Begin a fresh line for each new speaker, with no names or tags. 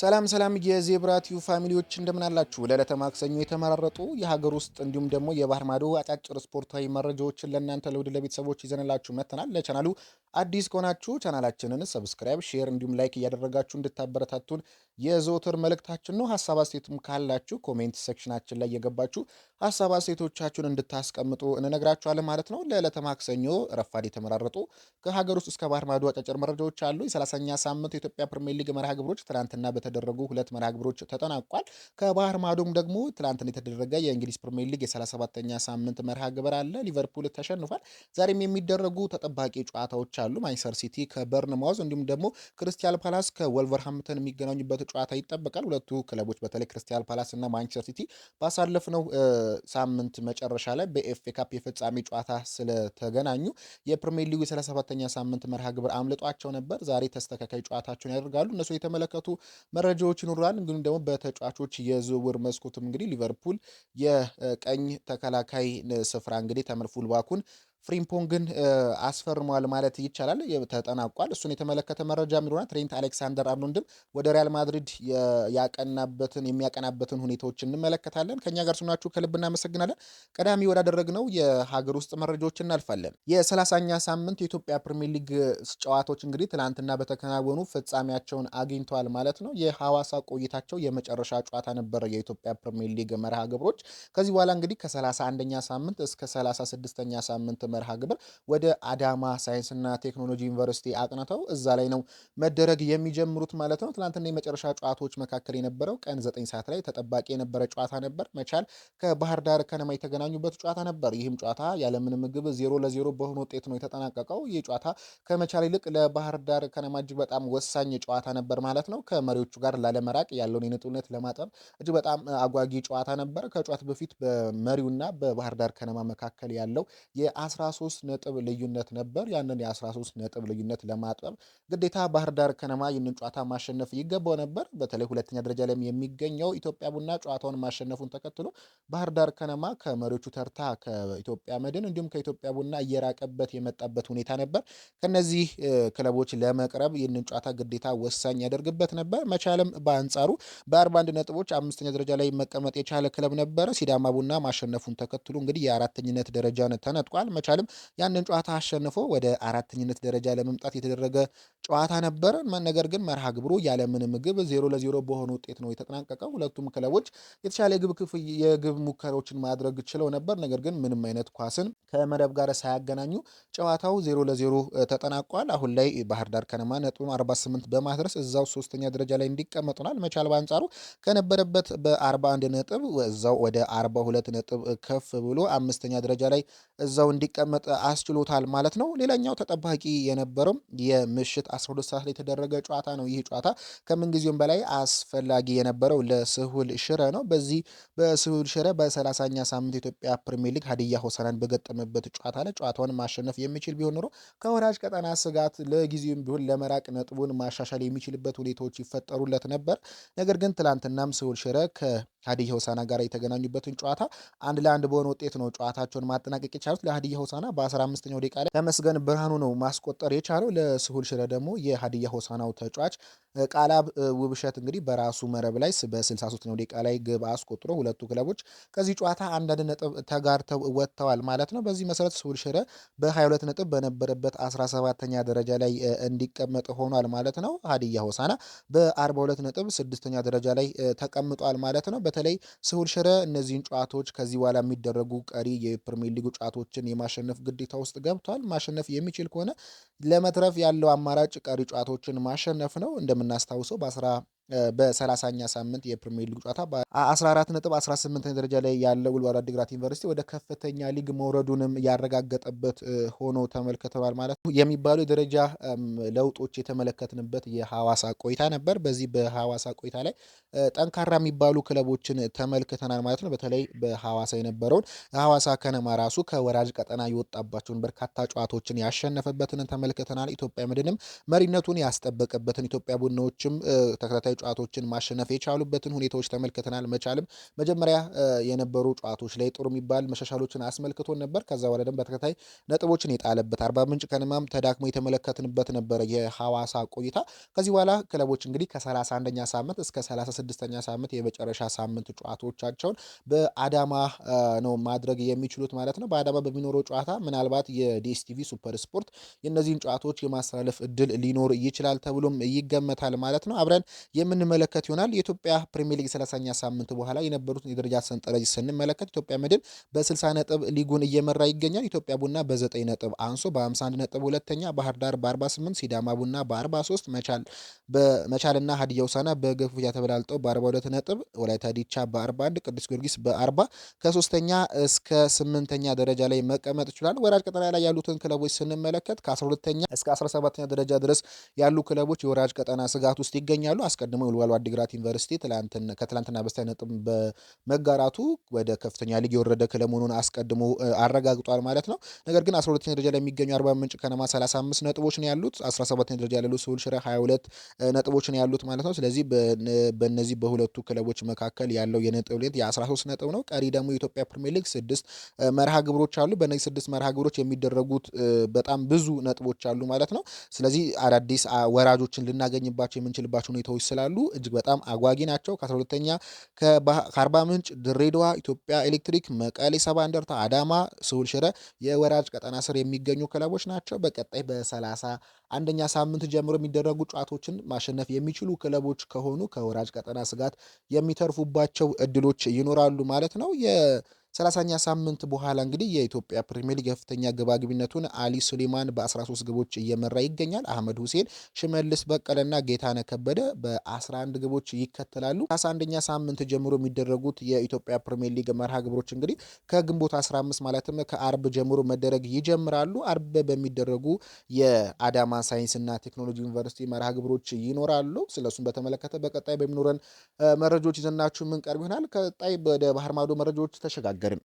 ሰላም ሰላም የዜብራ ቲዩ ፋሚሊዎች እንደምን አላችሁ? ለዕለተ ማክሰኞ የተመራረጡ የሀገር ውስጥ እንዲሁም ደግሞ የባህር ማዶ አጫጭር ስፖርታዊ መረጃዎችን ለእናንተ ለውድ ለቤተሰቦች ይዘንላችሁ መጥተናል። ለቻናሉ አዲስ ከሆናችሁ ቻናላችንን ሰብስክራይብ፣ ሼር እንዲሁም ላይክ እያደረጋችሁ እንድታበረታቱን የዘወትር መልእክታችን ነው። ሀሳብ አስተያየትም ካላችሁ ኮሜንት ሴክሽናችን ላይ የገባችሁ ሀሳብ አስተያየቶቻችሁን እንድታስቀምጡ እንነግራችኋለን ማለት ነው። ለዕለተ ማክሰኞ ረፋድ የተመራረጡ ከሀገር ውስጥ እስከ ባህር ማዶ አጫጭር መረጃዎች አሉ። የ30ኛ ሳምንት የኢትዮጵያ ፕሪሚየር ሊግ መርሃ ግብሮች ትናንትና በተ የተደረጉ ሁለት መርሃ ግብሮች ተጠናቋል። ከባህር ማዶም ደግሞ ትላንትን የተደረገ የእንግሊዝ ፕሪሚየር ሊግ የ37ኛ ሳምንት መርሃ ግብር አለ። ሊቨርፑል ተሸንፏል። ዛሬም የሚደረጉ ተጠባቂ ጨዋታዎች አሉ። ማንቸስተር ሲቲ ማውዝ እንዲሁም ደግሞ ክሪስታል ፓላስ ከወልቨርሃምፕተን የሚገናኙበት ጨዋታ ይጠበቃል። ሁለቱ ክለቦች በተለይ ክሪስታል ፓላስ እና ማንቸስተር ሲቲ ባሳለፍነው ሳምንት መጨረሻ ላይ በኤፍኤ ካፕ የፍጻሜ ጨዋታ ስለተገናኙ የፕሪሚየር ሊጉ የ37ኛ ሳምንት መርሃ ግብር አምልጧቸው ነበር። ዛሬ ተስተካካይ ጨዋታቸውን ያደርጋሉ። እነሱ የተመለከቱ መረጃዎች ይኖራል። እንግዲህ ደግሞ በተጫዋቾች የዝውውር መስኮትም እንግዲህ ሊቨርፑል የቀኝ ተከላካይ ስፍራ እንግዲህ ተምር ፍሪምፖንግን አስፈርሟል ማለት ይቻላል። ተጠናቋል። እሱን የተመለከተ መረጃ የሚሆና ትሬንት አሌክሳንደር አርኖልድም ወደ ሪያል ማድሪድ ያቀናበትን የሚያቀናበትን ሁኔታዎች እንመለከታለን። ከእኛ ጋር ስናችሁ ከልብ እናመሰግናለን። ቀዳሚ ወዳደረግነው የሀገር ውስጥ መረጃዎች እናልፋለን። የሰላሳኛ ሳምንት የኢትዮጵያ ፕሪሚየር ሊግ ጨዋታዎች እንግዲህ ትላንትና በተከናወኑ ፍጻሜያቸውን አግኝተዋል ማለት ነው። የሐዋሳ ቆይታቸው የመጨረሻ ጨዋታ ነበረ የኢትዮጵያ ፕሪሚየር ሊግ መርሃ ግብሮች ከዚህ በኋላ እንግዲህ ከ31ኛ ሳምንት እስከ 36ኛ ሳምንት መርሃ ግብር ወደ አዳማ ሳይንስና ቴክኖሎጂ ዩኒቨርሲቲ አቅንተው እዛ ላይ ነው መደረግ የሚጀምሩት ማለት ነው። ትናንትና የመጨረሻ ጨዋታዎች መካከል የነበረው ቀን ዘጠኝ ሰዓት ላይ ተጠባቂ የነበረ ጨዋታ ነበር። መቻል ከባህር ዳር ከነማ የተገናኙበት ጨዋታ ነበር። ይህም ጨዋታ ያለምንም ግብ ዜሮ ለዜሮ በሆነ ውጤት ነው የተጠናቀቀው። ይህ ጨዋታ ከመቻል ይልቅ ለባህር ዳር ከነማ እጅግ በጣም ወሳኝ ጨዋታ ነበር ማለት ነው። ከመሪዎቹ ጋር ላለመራቅ ያለውን የነጥብነት ለማጠብ እጅግ በጣም አጓጊ ጨዋታ ነበር። ከጨዋታ በፊት በመሪውና በባህር ዳር ከነማ መካከል ያለው የአስራ 13 ነጥብ ልዩነት ነበር። ያንን የ13 ነጥብ ልዩነት ለማጥበብ ግዴታ ባህር ዳር ከነማ ይህንን ጨዋታ ማሸነፍ ይገባው ነበር። በተለይ ሁለተኛ ደረጃ ላይም የሚገኘው ኢትዮጵያ ቡና ጨዋታውን ማሸነፉን ተከትሎ ባህር ዳር ከነማ ከመሪዎቹ ተርታ ከኢትዮጵያ መድን እንዲሁም ከኢትዮጵያ ቡና እየራቀበት የመጣበት ሁኔታ ነበር። ከነዚህ ክለቦች ለመቅረብ ይህንን ጨዋታ ግዴታ ወሳኝ ያደርግበት ነበር። መቻልም በአንጻሩ በ41 ነጥቦች አምስተኛ ደረጃ ላይ መቀመጥ የቻለ ክለብ ነበር ሲዳማ ቡና ማሸነፉን ተከትሎ እንግዲህ የአራተኝነት ደረጃን ተነጥቋል። ባይቻልም ያንን ጨዋታ አሸንፎ ወደ አራተኝነት ደረጃ ለመምጣት የተደረገ ጨዋታ ነበረ። ነገር ግን መርሃ ግብሩ ያለምን ምግብ ዜሮ ለዜሮ በሆነ ውጤት ነው የተጠናቀቀው። ሁለቱም ክለቦች የተሻለ የግብ ክፍ የግብ ሙከራዎችን ማድረግ ችለው ነበር። ነገር ግን ምንም አይነት ኳስን ከመረብ ጋር ሳያገናኙ ጨዋታው ዜሮ ለዜሮ ተጠናቋል። አሁን ላይ ባህር ዳር ከነማ ነጥቡን 48 በማድረስ እዛው ሶስተኛ ደረጃ ላይ እንዲቀመጡናል። መቻል በአንጻሩ ከነበረበት በ41 ነጥብ እዛው ወደ 42 ነጥብ ከፍ ብሎ አምስተኛ ደረጃ ላይ እዛው እንዲቀመጥ አስችሎታል ማለት ነው። ሌላኛው ተጠባቂ የነበረው የምሽት 12 ሰዓት ላይ የተደረገ ጨዋታ ነው። ይህ ጨዋታ ከምንጊዜውም በላይ አስፈላጊ የነበረው ለስሁል ሽረ ነው። በዚህ በስሁል ሽረ በ30ኛ ሳምንት የኢትዮጵያ ፕሪሚየር ሊግ ሀዲያ ሆሰናን በገጠመበት ጨዋታ ላይ ጨዋታውን ማሸነፍ የሚችል ቢሆን ኖሮ ከወራጅ ቀጠና ስጋት ለጊዜውም ቢሆን ለመራቅ ነጥቡን ማሻሻል የሚችልበት ሁኔታዎች ይፈጠሩለት ነበር። ነገር ግን ትላንትናም ስሁል ሽረ ከ ከሀዲያ ሆሳና ጋር የተገናኙበትን ጨዋታ አንድ ለአንድ በሆነ ውጤት ነው ጨዋታቸውን ማጠናቀቅ የቻሉት። ለሀዲያ ሆሳና በ15ኛው ደቂቃ ላይ ተመስገን ብርሃኑ ነው ማስቆጠር የቻለው። ለስሁል ሽረ ደግሞ የሀዲያ ሆሳናው ተጫዋች ቃላብ ውብሸት እንግዲህ በራሱ መረብ ላይ በ 63 ነው ደቂቃ ላይ ግብ አስቆጥሮ ሁለቱ ክለቦች ከዚህ ጨዋታ አንዳንድ ነጥብ ተጋርተው ወጥተዋል ማለት ነው። በዚህ መሰረት ስውልሽረ በ22 ነጥብ በነበረበት 17ኛ ደረጃ ላይ እንዲቀመጥ ሆኗል ማለት ነው። ሀዲያ ሆሳና በ42 ነጥብ ስድስተኛ ደረጃ ላይ ተቀምጧል ማለት ነው። በተለይ ስውልሽረ እነዚህን ጨዋታዎች ከዚህ በኋላ የሚደረጉ ቀሪ የፕሪሚየር ሊግ ጨዋታዎችን የማሸነፍ ግዴታ ውስጥ ገብቷል። ማሸነፍ የሚችል ከሆነ ለመትረፍ ያለው አማራጭ ቀሪ ጨዋታዎችን ማሸነፍ ነው። እንደምናስታውሰው በአስራ በሰላሳኛ ሳምንት የፕሪሚየር ሊግ ጨዋታ በ14 ነጥብ ደረጃ ላይ ያለው ውልዋሎ አዲግራት ዩኒቨርሲቲ ወደ ከፍተኛ ሊግ መውረዱንም ያረጋገጠበት ሆኖ ተመልክተዋል ማለት ነው የሚባሉ የደረጃ ለውጦች የተመለከትንበት የሐዋሳ ቆይታ ነበር። በዚህ በሐዋሳ ቆይታ ላይ ጠንካራ የሚባሉ ክለቦችን ተመልክተናል ማለት ነው። በተለይ በሐዋሳ የነበረውን ሐዋሳ ከነማ ራሱ ከወራጅ ቀጠና የወጣባቸውን በርካታ ጨዋታዎችን ያሸነፈበትን ተመልክተናል። ኢትዮጵያ መድንም መሪነቱን ያስጠበቀበትን ኢትዮጵያ ቡናዎችም ተከታታይ ጨዋታዎችን ማሸነፍ የቻሉበትን ሁኔታዎች ተመልክተናል። መቻልም መጀመሪያ የነበሩ ጨዋታዎች ላይ ጥሩ የሚባል መሻሻሎችን አስመልክቶን ነበር። ከዛ በኋላ ደግሞ በተከታይ ነጥቦችን የጣለበት አርባ ምንጭ ከነማም ተዳክሞ የተመለከትንበት ነበረ የሐዋሳ ቆይታ። ከዚህ በኋላ ክለቦች እንግዲህ ከ31ኛ ሳምንት እስከ 36ኛ ሳምንት የመጨረሻ ሳምንት ጨዋታዎቻቸውን በአዳማ ነው ማድረግ የሚችሉት ማለት ነው። በአዳማ በሚኖረው ጨዋታ ምናልባት የዲኤስቲቪ ሱፐር ስፖርት የእነዚህን ጨዋታዎች የማስተላለፍ እድል ሊኖር ይችላል ተብሎም ይገመታል ማለት ነው አብረን የ የምንመለከት ይሆናል። የኢትዮጵያ ፕሪሚየር ሊግ 30ኛ ሳምንት በኋላ የነበሩትን የደረጃ ሰንጠረዥ ስንመለከት ኢትዮጵያ መድን በ60 ነጥብ ሊጉን እየመራ ይገኛል። ኢትዮጵያ ቡና በ9 ነጥብ አንሶ በ51 ነጥብ ሁለተኛ፣ ባህር ዳር በ48፣ ሲዳማ ቡና በ43፣ መቻልና ሀዲያ ውሳና በግብ ተበላልጦ ተበላልጠው በ42 ነጥብ፣ ወላይታ ዲቻ በ41፣ ቅዱስ ጊዮርጊስ በ40 ከሶስተኛ እስከ ስምንተኛ ደረጃ ላይ መቀመጥ ይችላል። ወራጅ ቀጠና ላይ ያሉትን ክለቦች ስንመለከት ከ12ተኛ እስከ 17 ተኛ ደረጃ ድረስ ያሉ ክለቦች የወራጅ ቀጠና ስጋት ውስጥ ይገኛሉ። አስቀድሞ የወልዋሎ አዲግራት ዩኒቨርሲቲ ከትላንትና በስቲያ ነጥብ በመጋራቱ ወደ ከፍተኛ ሊግ የወረደ ክለብ መሆኑን አስቀድሞ አረጋግጧል ማለት ነው። ነገር ግን 12ኛ ደረጃ ላይ የሚገኙ አርባ ምንጭ ከነማ 35 ነጥቦች ነው ያሉት። 17ኛ ደረጃ ያለሉ ስሁል ሽረ 22 ነጥቦች ነው ያሉት ማለት ነው። ስለዚህ በእነዚህ በሁለቱ ክለቦች መካከል ያለው የነጥብ ልዩነት የ13 ነጥብ ነው። ቀሪ ደግሞ የኢትዮጵያ ፕሪሚየር ሊግ ስድስት መርሃ ግብሮች አሉ። በእነዚህ ስድስት መርሃ ግብሮች የሚደረጉት በጣም ብዙ ነጥቦች አሉ ማለት ነው። ስለዚህ አዳዲስ ወራጆችን ልናገኝባቸው የምንችልባቸው ሁኔታዎች ስላ ይችላሉ። እጅግ በጣም አጓጊ ናቸው። ከ12ተኛ ከአርባ ምንጭ፣ ድሬዳዋ፣ ኢትዮጵያ ኤሌክትሪክ፣ መቀሌ ሰባ እንደርታ፣ አዳማ፣ ስሁል ሽረ የወራጅ ቀጠና ስር የሚገኙ ክለቦች ናቸው። በቀጣይ በሰላሳ አንደኛ ሳምንት ጀምሮ የሚደረጉ ጨዋታዎችን ማሸነፍ የሚችሉ ክለቦች ከሆኑ ከወራጅ ቀጠና ስጋት የሚተርፉባቸው እድሎች ይኖራሉ ማለት ነው። ሰላሳኛ ሳምንት በኋላ እንግዲህ የኢትዮጵያ ፕሪሚየር ሊግ ከፍተኛ ግባግቢነቱን አሊ ሱሌማን በ13 ግቦች እየመራ ይገኛል። አህመድ ሁሴን፣ ሽመልስ በቀለና ጌታነ ከበደ በ11 ግቦች ይከተላሉ። 11ኛ ሳምንት ጀምሮ የሚደረጉት የኢትዮጵያ ፕሪሚየር ሊግ መርሃ ግብሮች እንግዲህ ከግንቦት 15 ማለትም ከአርብ ጀምሮ መደረግ ይጀምራሉ። አርብ በሚደረጉ የአዳማ ሳይንስና ቴክኖሎጂ ዩኒቨርሲቲ መርሃ ግብሮች ይኖራሉ። ስለሱም በተመለከተ በቀጣይ በሚኖረን መረጃዎች ይዘናችሁ የምንቀርብ ይሆናል። ቀጣይ ወደ ባህር ማዶ መረጃዎች ተሸጋግ አይናገርም።